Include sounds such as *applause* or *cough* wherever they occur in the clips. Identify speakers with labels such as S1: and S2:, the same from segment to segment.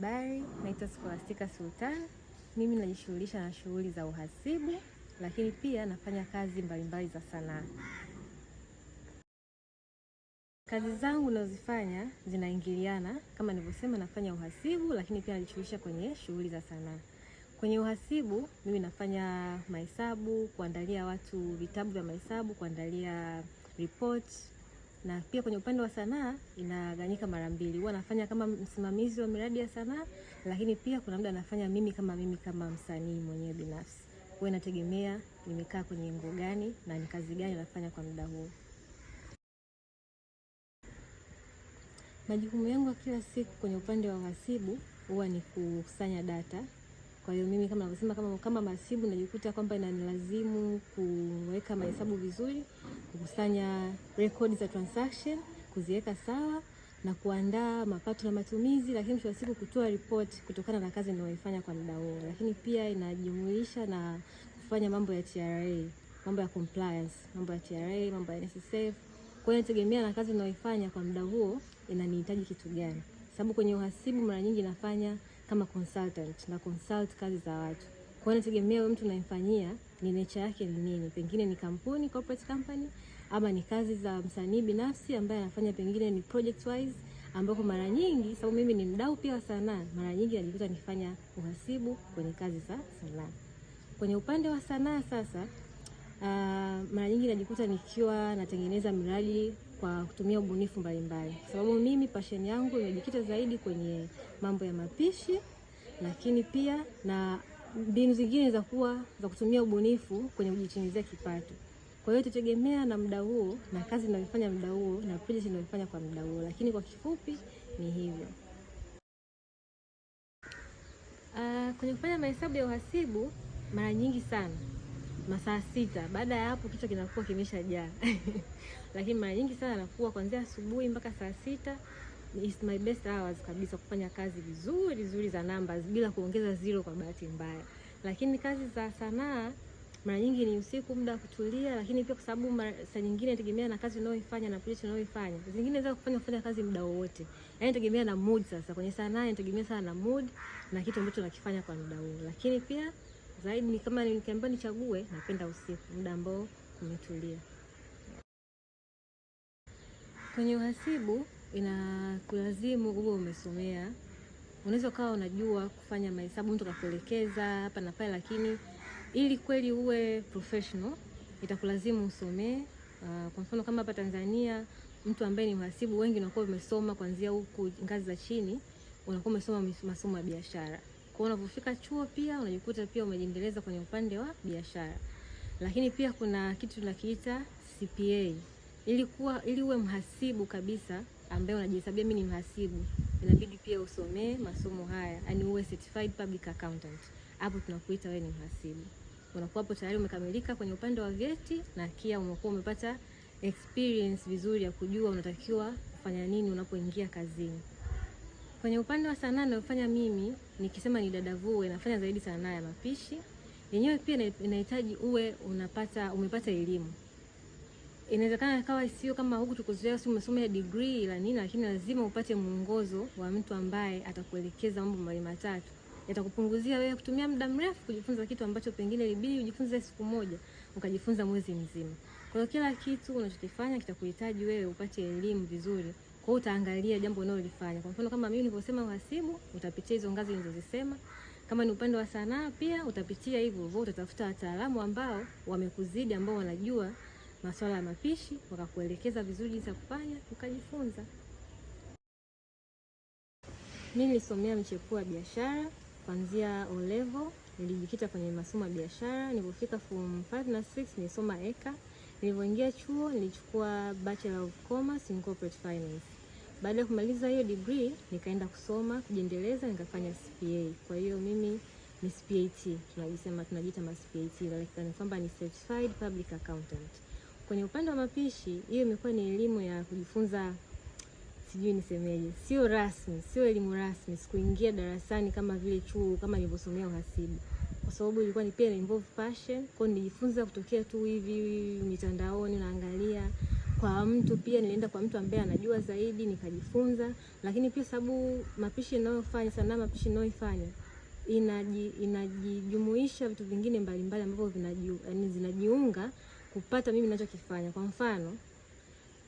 S1: Habari, naitwa Scholastica Sultan. Mimi najishughulisha na shughuli za uhasibu, lakini pia nafanya kazi mbalimbali za sanaa. Kazi zangu nazozifanya zinaingiliana, kama nilivyosema, nafanya uhasibu, lakini pia najishughulisha kwenye shughuli za sanaa. Kwenye uhasibu, mimi nafanya mahesabu, kuandalia watu vitabu vya mahesabu, kuandalia ripoti na pia kwenye upande wa sanaa inaganyika mara mbili, huwa nafanya kama msimamizi wa miradi ya sanaa, lakini pia kuna muda nafanya mimi kama mimi kama msanii mwenyewe binafsi. Kwa hiyo inategemea nimekaa kwenye ngo gani na ni kazi gani nafanya kwa muda huo. Majukumu yangu ya kila siku kwenye upande wa uhasibu huwa ni kukusanya data kwa hiyo mimi kama navyosema, kama, kama masibu najikuta kwamba inanilazimu kuweka mahesabu vizuri, kukusanya rekodi za transaction, kuziweka sawa na kuandaa mapato na matumizi, lakini mwisho wa siku kutoa report kutokana na kazi ninayoifanya kwa muda huo. Lakini pia inajumuisha na kufanya mambo ya TRA, mambo ya compliance, mambo ya TRA, mambo ya NSSF. Kwa hiyo inategemea na kazi ninayoifanya kwa muda huo inanihitaji kitu gani, sababu kwenye uhasibu mara nyingi nafanya kama consultant na consult kazi za watu. Kwa hiyo nategemea mtu unayemfanyia ni nature yake ni nini, pengine ni kampuni, corporate company, ama ni kazi za msanii binafsi ambaye anafanya pengine ni project wise, ambako mara nyingi sababu mimi ni mdau pia wa sanaa, mara nyingi najikuta nifanya uhasibu kwenye kazi za sanaa. Kwenye upande wa sanaa sasa, uh, mara nyingi najikuta nikiwa natengeneza miradi kwa kutumia ubunifu mbalimbali, kwa sababu mimi passion yangu imejikita zaidi kwenye mambo ya mapishi, lakini pia na mbinu zingine za kuwa za kutumia ubunifu kwenye kujitengenezea kipato. Kwa hiyo tutegemea na muda huo na kazi ninayofanya muda huo na project ninayofanya kwa muda huo, lakini kwa kifupi ni hivyo. Uh, kwenye kufanya mahesabu ya uhasibu mara nyingi sana masaa sita. Baada ya hapo kichwa kinakuwa kimeshajaa *laughs* lakini mara nyingi sana nakuwa kuanzia asubuhi mpaka saa sita is my best hours kabisa kufanya kazi vizuri vizuri za numbers bila kuongeza zero kwa bahati mbaya, lakini kazi za sanaa mara nyingi ni usiku, muda wa kutulia, lakini pia kwa sababu saa nyingine inategemea na kazi unayoifanya na project unayoifanya. Zingine naweza kufanya kufanya kazi muda wowote, yaani inategemea na mood. Sasa kwenye sanaa inategemea sana na mood na kitu ambacho nakifanya kwa muda huo, lakini pia zaidi. Kama nikiambiwa nichague, napenda usiku, muda ambao umetulia. Kwenye uhasibu inakulazimu uwe umesomea, unaweza ukawa unajua kufanya mahesabu, mtu akakuelekeza hapa na pale, lakini ili kweli uwe professional itakulazimu usomee. Uh, kwa mfano kama hapa Tanzania mtu ambaye ni mhasibu wengi unakuwa umesoma kuanzia huku ngazi za chini, unakuwa umesoma masomo ya biashara. Kwa unapofika chuo pia unajikuta pia umejiendeleza kwenye upande wa biashara. Lakini pia kuna kitu tunakiita CPA. Ili kuwa ili uwe mhasibu kabisa ambaye unajihesabia mimi ni mhasibu, inabidi pia usomee masomo haya, yani uwe certified public accountant. Hapo tunakuita wewe ni mhasibu. Unakuwa hapo tayari umekamilika kwenye upande wa vyeti na kia umekuwa umepata experience vizuri ya kujua unatakiwa kufanya nini unapoingia kazini. Kwenye upande wa sanaa ninayofanya mimi, nikisema ni Vuo, nafanya zaidi sanaa ya mapishi. Yenyewe pia inahitaji uwe unapata umepata elimu. Inawezekana kawa sio kama huku tukuzoea, si umesoma degree la nini, lakini lazima upate mwongozo wa mtu ambaye atakuelekeza mambo mawili matatu yatakupunguzia wewe kutumia muda mrefu kujifunza kitu ambacho pengine ilibidi ujifunze siku moja ukajifunza mwezi mzima. Kwa hiyo kila kitu unachokifanya kitakuhitaji wewe upate elimu vizuri kwa hiyo utaangalia jambo unalolifanya. Kwa mfano kama mimi nilivyosema uhasibu, utapitia hizo ngazi nilizozisema. Kama ni upande wa sanaa pia utapitia hivyo hivyo, utatafuta wataalamu ambao wamekuzidi, ambao wanajua masuala ya mapishi, wakakuelekeza vizuri jinsi ya kufanya, ukajifunza. Mimi nilisomea mchepuo wa biashara kuanzia O level nilijikita kwenye masomo ya biashara. Nilipofika form 5 na 6 nilisoma eka Nilivyoingia chuo nilichukua Bachelor of Commerce in Corporate Finance. Baada ya kumaliza hiyo degree nikaenda kusoma kujiendeleza, nikafanya CPA. Kwa hiyo mimi ni CPAT, tunajisema tunajiita ma CPAT, lakini kwamba ni certified public accountant. Kwenye upande wa mapishi, hiyo imekuwa ni elimu ya kujifunza, sijui nisemeje, sio rasmi, sio elimu rasmi. Sikuingia darasani kama vile chuo, kama nilivyosomea uhasibu kwa sababu ilikuwa ni pia involve passion. Kwa hiyo nilijifunza kutokea tu hivi mitandaoni, naangalia kwa mtu pia nilienda kwa mtu ambaye anajua zaidi nikajifunza, lakini pia sababu mapishi ninayofanya, sana, mapishi ninayofanya inaji, inajijumuisha vitu vingine mbalimbali ambavyo vinaji, yaani zinajiunga kupata mimi ninachokifanya. Kwa mfano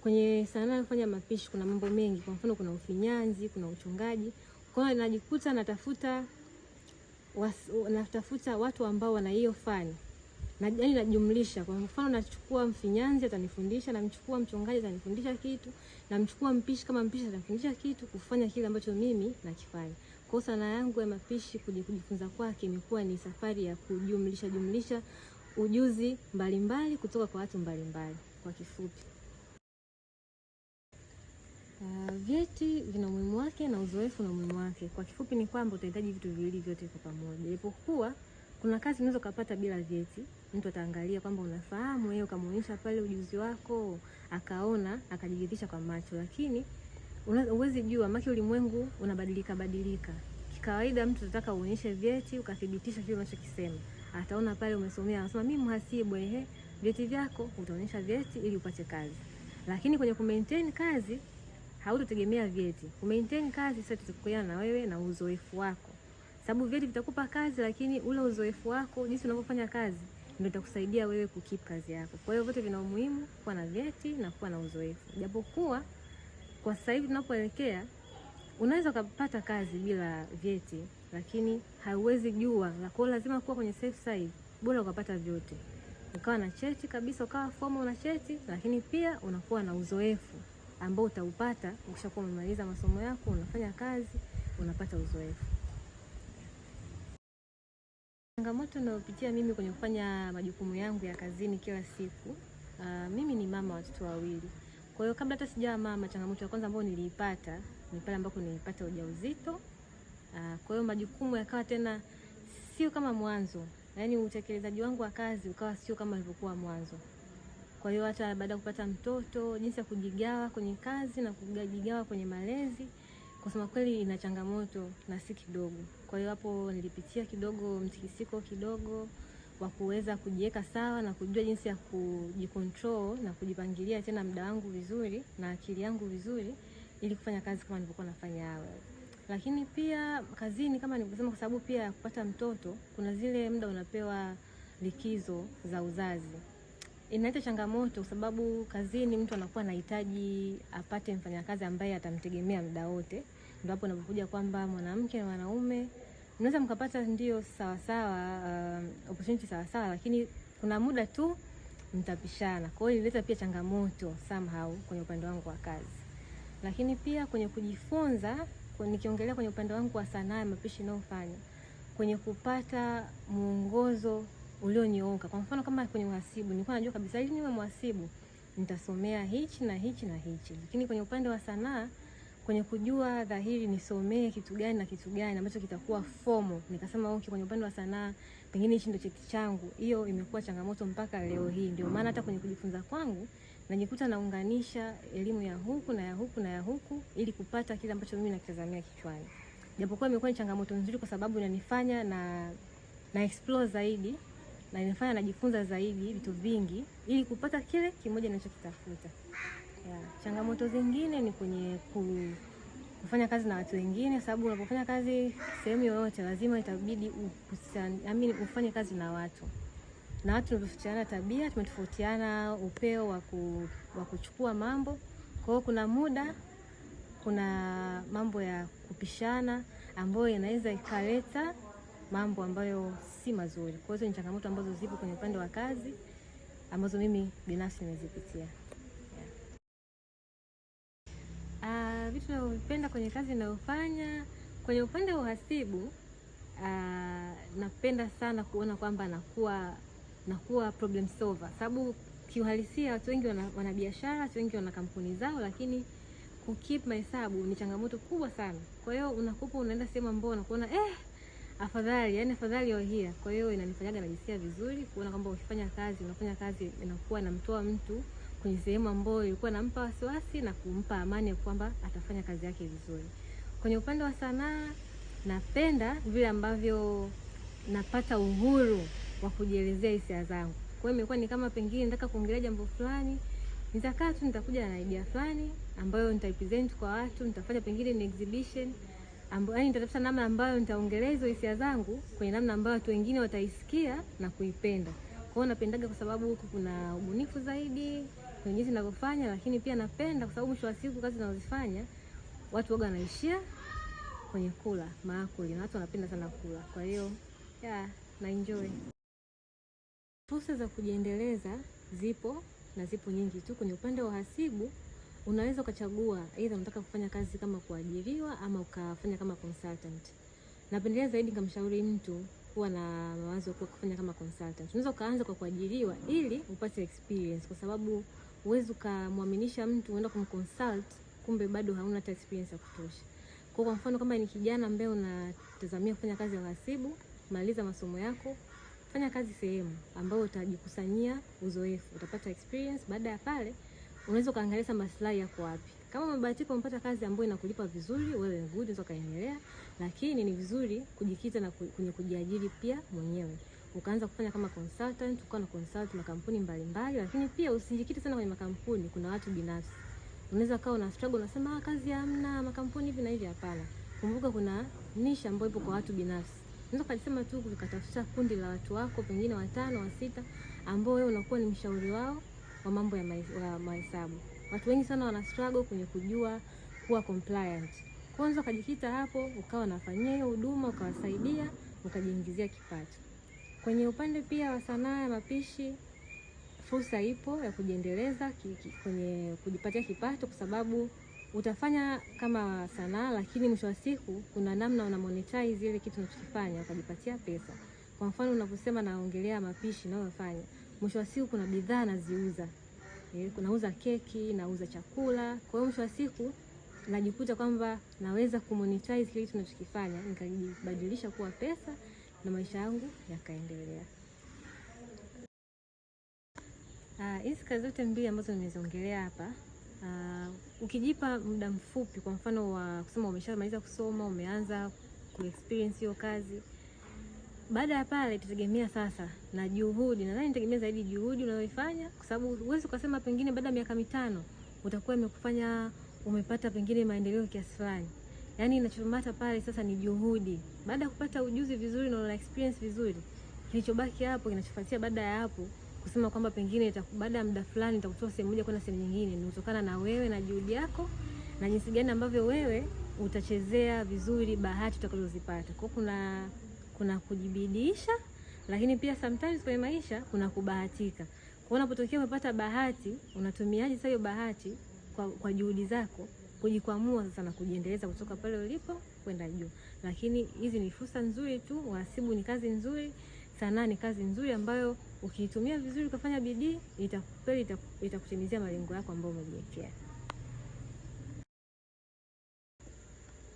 S1: kwenye sanaa ya kufanya mapishi kuna mambo mengi, kwa mfano kuna ufinyanzi, kuna uchungaji. kwa hiyo najikuta natafuta natafuta watu ambao wana hiyo fani na yani, najumlisha. Kwa mfano, nachukua mfinyanzi atanifundisha, namchukua mchungaji atanifundisha kitu, namchukua mpishi kama mpishi atanifundisha kitu, kufanya kile ambacho mimi nakifanya. Kwa sana yangu ya mapishi, kujifunza kwake imekuwa ni safari ya kujumlisha jumlisha ujuzi mbalimbali mbali, kutoka kwa watu mbalimbali mbali, kwa kifupi. Uh, vyeti vina umuhimu wake na uzoefu na umuhimu wake. Kwa kifupi ni kwamba utahitaji vitu viwili vyote kwa pamoja. Ilipokuwa kuna kazi unaweza kupata bila vyeti, mtu ataangalia kwamba unafahamu wewe, ukamuonyesha pale ujuzi wako, akaona akajiridhisha kwa macho, lakini uwezi jua, maki ulimwengu unabadilika badilika. Kikawaida mtu anataka uonyeshe vyeti ukathibitisha kile unachokisema, ataona pale umesomea, anasema mimi mhasibu, ehe, vyeti vyako, utaonyesha vyeti ili upate kazi, lakini kwenye ku kazi hautotegemea vyeti. Umaintain kazi sasa tutakuana na wewe na uzoefu wako, sababu vyeti vitakupa kazi, lakini ule uzoefu wako, jinsi unavyofanya kazi, ndio itakusaidia wewe kukeep kazi yako. Kwa hiyo vyote vina umuhimu, kuwa na vyeti na kuwa na uzoefu, japokuwa kwa sasa hivi tunapoelekea unaweza ukapata kazi bila vyeti, lakini hauwezi jua. Kwa lazima kuwa kwenye safe side, bora ukapata vyote, ukawa na cheti kabisa, ukawa formal na cheti, lakini pia unakuwa na uzoefu ambao utaupata ukishakuwa umemaliza masomo yako, unafanya kazi, unapata uzoefu. Changamoto ninayopitia mimi kwenye kufanya majukumu yangu ya kazini kila siku, uh, mimi ni mama watoto wawili. Kwa hiyo kabla hata sijawa mama, changamoto ya kwanza ambayo niliipata ni pale ambapo nilipata ujauzito. Uh, kwa hiyo majukumu yakawa tena sio kama mwanzo, yaani utekelezaji wangu wa kazi ukawa sio kama ilivyokuwa mwanzo. Kwa hiyo hata baada ya kupata mtoto, jinsi ya kujigawa kwenye kazi na kujigawa kwenye malezi, kusema kweli ina changamoto na si kidogo. Kwa hiyo hapo nilipitia kidogo mtikisiko kidogo wa kuweza kujiweka sawa na kujua jinsi ya kujikontrol na kujipangilia tena muda wangu vizuri na akili yangu vizuri ili kufanya kazi kama nilivyokuwa nafanya awali. Lakini pia kazini, kama nilivyosema, kwa sababu pia kupata mtoto kuna zile muda unapewa likizo za uzazi inaleta changamoto kwa sababu kazini mtu anakuwa anahitaji apate mfanyakazi ambaye atamtegemea muda wote. Ndio hapo unapokuja kwamba mwanamke na mwanaume mnaweza mkapata ndio sawasawa, uh, opportunity sawasawa, lakini kuna muda tu mtapishana. Kwa hiyo ilileta pia changamoto somehow kwenye upande wangu wa kazi, lakini pia kwenye kujifunza, nikiongelea kwenye upande wangu wa sanaa ya mapishi inayofanya kwenye kupata mwongozo ulionyonga. Kwa mfano kama kwenye uhasibu, nilikuwa najua kabisa hivi niwe mhasibu nitasomea hichi na hichi na hichi, lakini kwenye upande wa sanaa, kwenye kujua dhahiri nisomee kitu gani na kitu gani ambacho kitakuwa fomo, nikasema okay, kwenye upande wa sanaa pengine hichi ndio cheti changu. Hiyo imekuwa changamoto mpaka leo hii. Ndio maana hata kwenye kujifunza kwangu najikuta naunganisha elimu ya huku na ya huku na ya huku ili kupata kile ambacho mimi nakitazamia kichwani, japokuwa imekuwa ni changamoto nzuri, kwa sababu inanifanya na na explore zaidi na inafanya najifunza zaidi vitu vingi ili kupata kile kimoja ninachokitafuta. Changamoto zingine ni kwenye kufanya kazi na watu wengine, sababu unapofanya kazi sehemu yoyote lazima itabidi ufanye kazi na watu na watu tumetofautiana tabia, tumetofautiana upeo wa kuchukua mambo. Kwa hiyo kuna muda, kuna mambo ya kupishana ambayo inaweza ikaleta mambo ambayo si mazuri. Kwa hiyo ni changamoto ambazo zipo kwenye upande wa kazi ambazo mimi binafsi nimezipitia. Yeah. Uh, vitu navyovipenda kwenye kazi ninayofanya kwenye upande wa uhasibu uh, napenda sana kuona kwamba nakuwa nakuwa problem solver, sababu kiuhalisia watu wengi wana, wana biashara, watu wengi wana kampuni zao, lakini keep mahesabu ni changamoto kubwa sana. Kwa hiyo unakupa unaenda sehemu ambayo unakuona eh afadhali, yani afadhali you're here. Kwa hiyo inanifanyaga najisikia vizuri kuona kwamba ukifanya kazi unafanya kazi inakuwa namtoa mtu kwenye sehemu ambayo ilikuwa nampa wasiwasi na kumpa amani ya kwamba atafanya kazi yake vizuri. Kwenye upande wa sanaa, napenda vile ambavyo napata uhuru wa kujielezea hisia zangu. Kwa hiyo imekuwa ni kama pengine nataka kuongelea jambo fulani, nitakaa tu nitakuja na idea fulani ambayo nitaipresent kwa watu, nitafanya pengine ni exhibition ambayo yani nitatafuta namna ambayo nitaongelea hizo hisia zangu kwenye namna ambayo watu wengine wataisikia na kuipenda. Kwa hiyo napendaga kwa sababu huku kuna ubunifu zaidi kwenye jinsi ninavyofanya, lakini pia napenda kwa sababu mwisho wa siku kazi ninazozifanya watu waga wanaishia kwenye kula maakuli, na watu wanapenda sana kula. Kwa hiyo yeah, na enjoy. Fursa za kujiendeleza zipo na zipo nyingi tu. Kwenye upande wa hasibu unaweza ukachagua aidha unataka kufanya kazi kama kuajiriwa ama ukafanya kama consultant. Napendelea zaidi kamshauri mtu kuwa na mawazo ya kufanya kama consultant. Unaweza ukaanza kwa kuajiriwa ili upate experience, kwa sababu huwezi ukamwaminisha mtu uenda kumconsult, kumbe bado hauna hata experience ya kutosha. Kwa kwa mfano kama ni kijana ambaye unatazamia kufanya kazi ya uhasibu, maliza masomo yako, fanya kazi sehemu ambayo utajikusanyia uzoefu, utapata experience. Baada ya pale unaweza ukaangalia sasa maslahi yako wapi. Kama mabahatiko umepata kazi ambayo inakulipa vizuri, wewe ni good, unaweza kaendelea, lakini ni vizuri kujikita na kwenye kujiajiri pia mwenyewe ukaanza kufanya kama consultant, ukawa na consult makampuni mbalimbali, lakini pia usijikite sana kwenye makampuni. Kuna watu binafsi, unaweza kawa una struggle, unasema ah, kazi hamna, makampuni hivi na hivi. Hapana, kumbuka kuna niche ambayo ipo kwa watu binafsi. Unaweza kalisema tu ukatafuta kundi la watu wako, pengine watano wa sita, ambao wewe unakuwa ni mshauri wao wa mambo ya mahesabu. Watu wengi sana wana struggle kwenye kujua kuwa compliant. Kwanza ukajikita hapo, ukawa nafanyia hiyo huduma, ukawasaidia, ukajiingizia kipato. Kwenye upande pia wa sanaa ya mapishi, fursa ipo ya kujiendeleza kwenye kujipatia kipato, kwa sababu utafanya kama sanaa, lakini mwisho wa siku kuna namna una monetize ile kitu unachokifanya ukajipatia pesa. Kwa mfano unaposema naongelea mapishi nayofanya mwisho wa siku kuna bidhaa naziuza, eh, nauza keki, nauza chakula. Kwa hiyo mwisho wa siku najikuta kwamba naweza kumonetize kile kitu ninachokifanya, nikajibadilisha kuwa pesa na maisha yangu yakaendelea. Ah, hizi kazi zote mbili ambazo nimeziongelea hapa, ah, ukijipa muda mfupi, kwa mfano wa kusema umeshamaliza kusoma, umeanza kuexperience hiyo kazi baada ya pale tutegemea sasa na juhudi, nadhani nitegemea zaidi juhudi unayoifanya, kwa sababu huwezi ukasema pengine baada ya miaka mitano utakuwa imekufanya umepata pengine maendeleo kiasi fulani. Yani inachomata pale sasa ni juhudi. Baada ya kupata ujuzi vizuri na experience vizuri, kilichobaki hapo, kinachofuatia baada ya hapo, kusema kwamba pengine baada ya muda fulani itakutoa sehemu moja kwenda sehemu nyingine, ni kutokana na wewe na juhudi yako na jinsi gani ambavyo wewe utachezea vizuri bahati utakazozipata. Kwa kuna kuna kujibidisha lakini pia sometimes kwenye maisha kuna kubahatika. Kwa unapotokea umepata bahati, unatumiaje sasa hiyo bahati kwa, kwa juhudi zako kujikwamua sasa na kujiendeleza kutoka pale ulipo kwenda juu. Lakini hizi ni fursa nzuri tu, uhasibu ni kazi nzuri, sanaa ni kazi nzuri ambayo ukiitumia vizuri ukafanya bidii itakupeli itakutimizia malengo yako ambayo umejiwekea.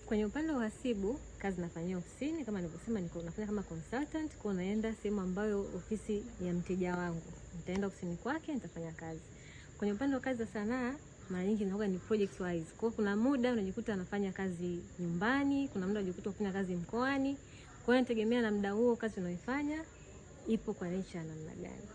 S1: Kwenye upande wa uhasibu kazi nafanyia ofisini, kama nilivyosema, niko nafanya kama consultant, kwa naenda sehemu ambayo ofisi ya mteja wangu, nitaenda ofisini kwake nitafanya kazi. Kwenye upande wa kazi za sanaa mara nyingi inakuwa ni project wise. Kwa kuna muda unajikuta anafanya kazi nyumbani, kuna muda unajikuta unafanya kazi mkoani. Kwa hiyo inategemea na muda huo kazi unaoifanya ipo kwa nature namna gani.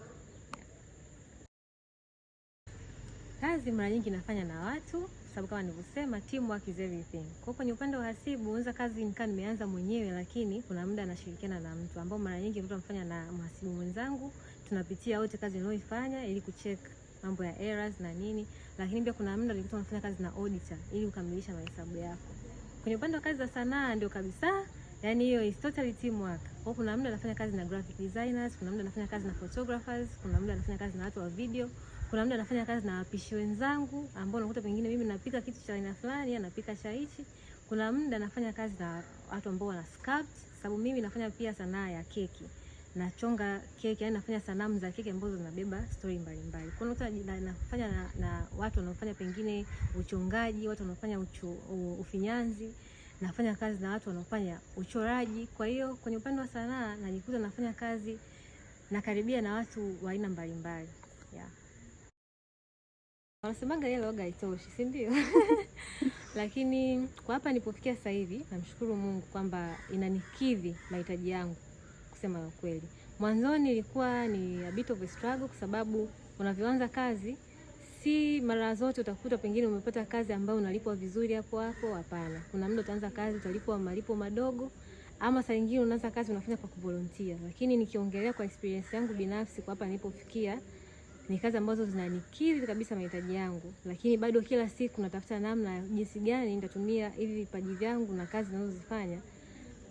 S1: Kazi mara nyingi nafanya na watu sababu kama nilivyosema teamwork is everything. Kwa hiyo kwenye upande wa hasibu, unaweza kazi nikaa nimeanza mwenyewe, lakini kuna muda anashirikiana na mtu ambao mara nyingi mtu amfanya na mhasibu mwenzangu, tunapitia wote kazi ninayoifanya ili kucheck mambo ya errors na nini, lakini pia kuna muda nilikuwa nafanya kazi na auditor ili kukamilisha mahesabu yako. Kwenye upande wa kazi za sanaa ndio kabisa, yani hiyo is totally teamwork. Kwa kuna muda anafanya kazi na graphic designers, kuna muda anafanya kazi na photographers, kuna muda anafanya kazi na watu wa video kuna muda anafanya kazi na wapishi wenzangu ambao unakuta pengine mimi napika kitu cha aina fulani, anapika cha hichi. Kuna mda nafanya kazi na watu ambao wana sculpt, sababu mimi nafanya pia sanaa ya keki. Nachonga keki, yani nafanya sanamu za keki ambazo zinabeba story mbalimbali. Kuna uta nafanya na, na watu wanaofanya pengine uchongaji, watu wanaofanya ufinyanzi, nafanya kazi na watu wanaofanya uchoraji. Kwa hiyo kwenye upande wa sanaa najikuta nafanya kazi nakaribia na watu wa aina mbalimbali. Yeah. Wanasemaga ile loga haitoshi, si ndio? *laughs* Lakini kwa hapa nilipofikia sasa hivi namshukuru Mungu kwamba inanikidhi mahitaji yangu kusema kweli. Mwanzoni ilikuwa ni a bit of a struggle kwa sababu unavyoanza kazi si mara zote utakuta pengine umepata kazi ambayo unalipwa vizuri hapo hapo, hapana. Kuna muda utaanza kazi utalipwa malipo madogo ama saa nyingine unaanza kazi unafanya kwa kuvolunteer. Lakini nikiongelea kwa experience yangu binafsi kwa hapa nilipofikia ni kazi ambazo zinanikidhi kabisa mahitaji yangu, lakini bado kila siku natafuta namna jinsi gani nitatumia hivi vipaji vyangu na kazi ninazozifanya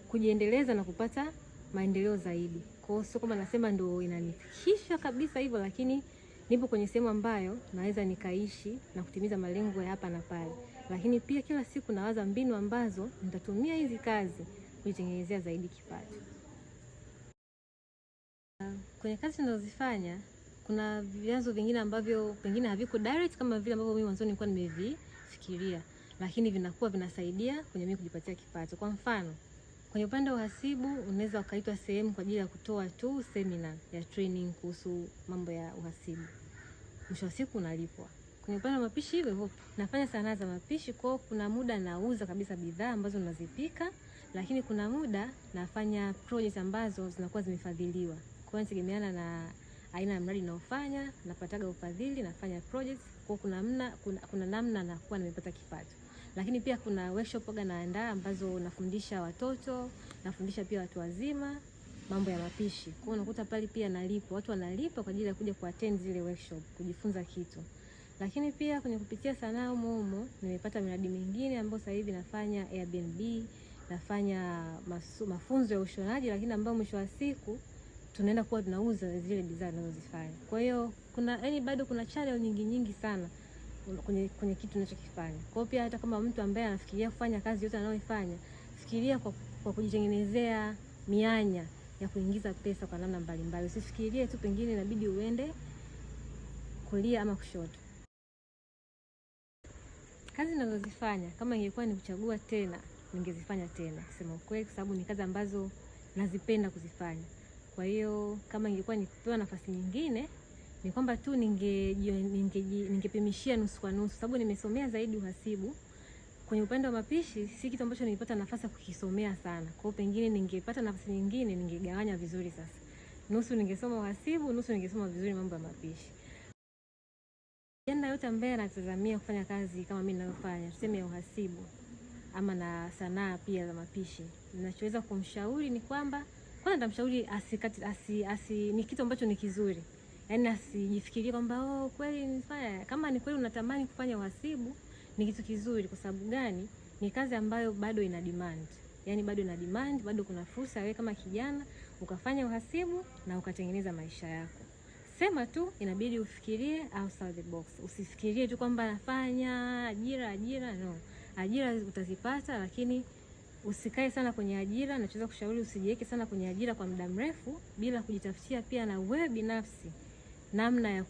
S1: kujiendeleza na kupata maendeleo zaidi. Kwa hiyo sio nasema ndo inanifikisha kabisa hivyo, lakini nipo kwenye sehemu ambayo naweza nikaishi na kutimiza malengo ya hapa na pale, lakini pia kila siku nawaza mbinu ambazo nitatumia hizi kazi kujitengenezea zaidi kipato kwenye kazi ninazozifanya kuna vyanzo vingine ambavyo pengine haviko direct kama vile ambavyo mimi mwanzo nilikuwa nimevifikiria, lakini vinakuwa vinasaidia kwenye mimi kujipatia kipato. Kwa mfano, kwenye upande wa uhasibu unaweza ukaitwa sehemu kwa ajili ya kutoa tu seminar ya training kuhusu mambo ya uhasibu, mwisho wa siku unalipwa. Kwenye upande wa mapishi hivyo hivyo, nafanya sanaa za mapishi kwao, kuna muda nauza kabisa bidhaa ambazo nazipika, lakini kuna muda nafanya project ambazo zinakuwa zimefadhiliwa, kwa hiyo na aina ya mradi naofanya, napataga ufadhili, nafanya projects kwa kuna, mna, kuna, kuna namna kuwa nimepata kipato lakini pia kuna workshop waga naandaa ambazo nafundisha watoto, nafundisha pia watu wazima mambo ya mapishi. Kwa unakuta pale pia nalipo, watu wanalipa kwa ajili ya kuja kuattend zile workshop, kujifunza kitu. Lakini pia kwenye kupitia sanaa humo nimepata miradi mingine ambayo sasa hivi nafanya Airbnb, nafanya masu, mafunzo ya ushonaji, lakini ambayo mwisho wa siku tunaenda kuwa tunauza zile bidhaa tunazozifanya. Kwa hiyo kuna yani, bado kuna channel nyingi nyingi sana kwenye, kwenye kitu tunachokifanya. Kwa hiyo pia hata kama mtu ambaye anafikiria kufanya kazi yote anayoifanya, fikiria kwa, kwa kujitengenezea mianya ya kuingiza pesa kwa namna mbalimbali. Usifikirie tu pengine inabidi uende kulia ama kushoto. Kazi ninazozifanya kama ingekuwa ni kuchagua tena, ningezifanya tena kusema ukweli, kwa sababu ni kazi ambazo nazipenda kuzifanya. Kwa hiyo kama ingekuwa nikupewa nafasi nyingine, ni kwamba tu ningepimishia nusu kwa nusu, sababu nimesomea zaidi uhasibu kwenye upande wa mapishi si kitu ambacho nilipata nafasi ya kukisomea sana. Kwa hiyo pengine ningepata nafasi nyingine ningegawanya vizuri sasa. Nusu ningesoma uhasibu, nusu ningesoma vizuri mambo ya mapishi. Jana yote ambaye anatazamia kufanya kazi kama mimi ninayofanya, tuseme ya uhasibu ama na sanaa pia za mapishi, ninachoweza kumshauri ni kwamba kwanza nitamshauri asikati asi, asi ni kitu ambacho ni kizuri. Yaani asijifikirie kwamba oh, kweli nifanya. Kama ni kweli unatamani kufanya uhasibu ni kitu kizuri kwa sababu gani? Ni kazi ambayo bado ina demand. Yaani bado ina demand, bado kuna fursa wewe kama kijana ukafanya uhasibu na ukatengeneza maisha yako. Sema tu inabidi ufikirie outside the box. Usifikirie tu kwamba nafanya ajira ajira, no. Ajira utazipata lakini Usikae sana kwenye ajira, nachoweza kushauri usijiweke sana kwenye ajira kwa muda mrefu bila kujitafutia pia na wewe binafsi namna ya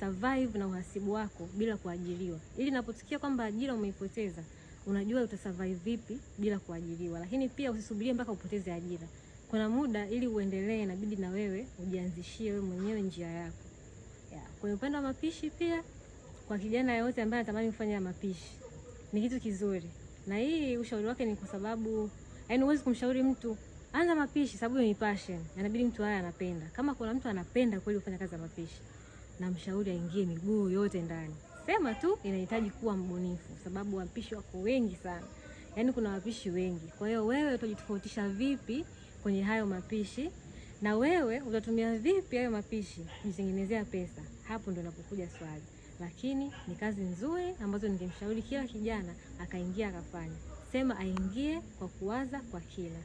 S1: survive na uhasibu wako bila kuajiriwa, ili napotukia kwamba ajira umeipoteza, unajua utasurvive vipi bila kuajiriwa. Lakini pia usisubirie mpaka upoteze ajira, kuna muda ili uendelee, inabidi na wewe ujianzishie wewe mwenyewe njia yako yeah. Kwenye upande wa mapishi pia, kwa kijana yoyote ambaye anatamani kufanya mapishi, ni kitu kizuri na hii ushauri wake ni kwa sababu yaani huwezi kumshauri mtu anza mapishi sababu ni passion. Inabidi mtu haya anapenda. Kama kuna mtu anapenda kweli kufanya kazi ya mapishi, namshauri aingie miguu yote ndani. Sema tu inahitaji kuwa mbunifu sababu wapishi wako wengi sana. yani kuna wapishi wengi. Kwa hiyo wewe utajitofautisha vipi kwenye hayo mapishi? Na wewe utatumia vipi hayo mapishi? kujitengenezea pesa. Hapo ndo napokuja swali lakini ni kazi nzuri ambazo ningemshauri kila kijana akaingia akafanya. Sema aingie kwa kuwaza kwa kina.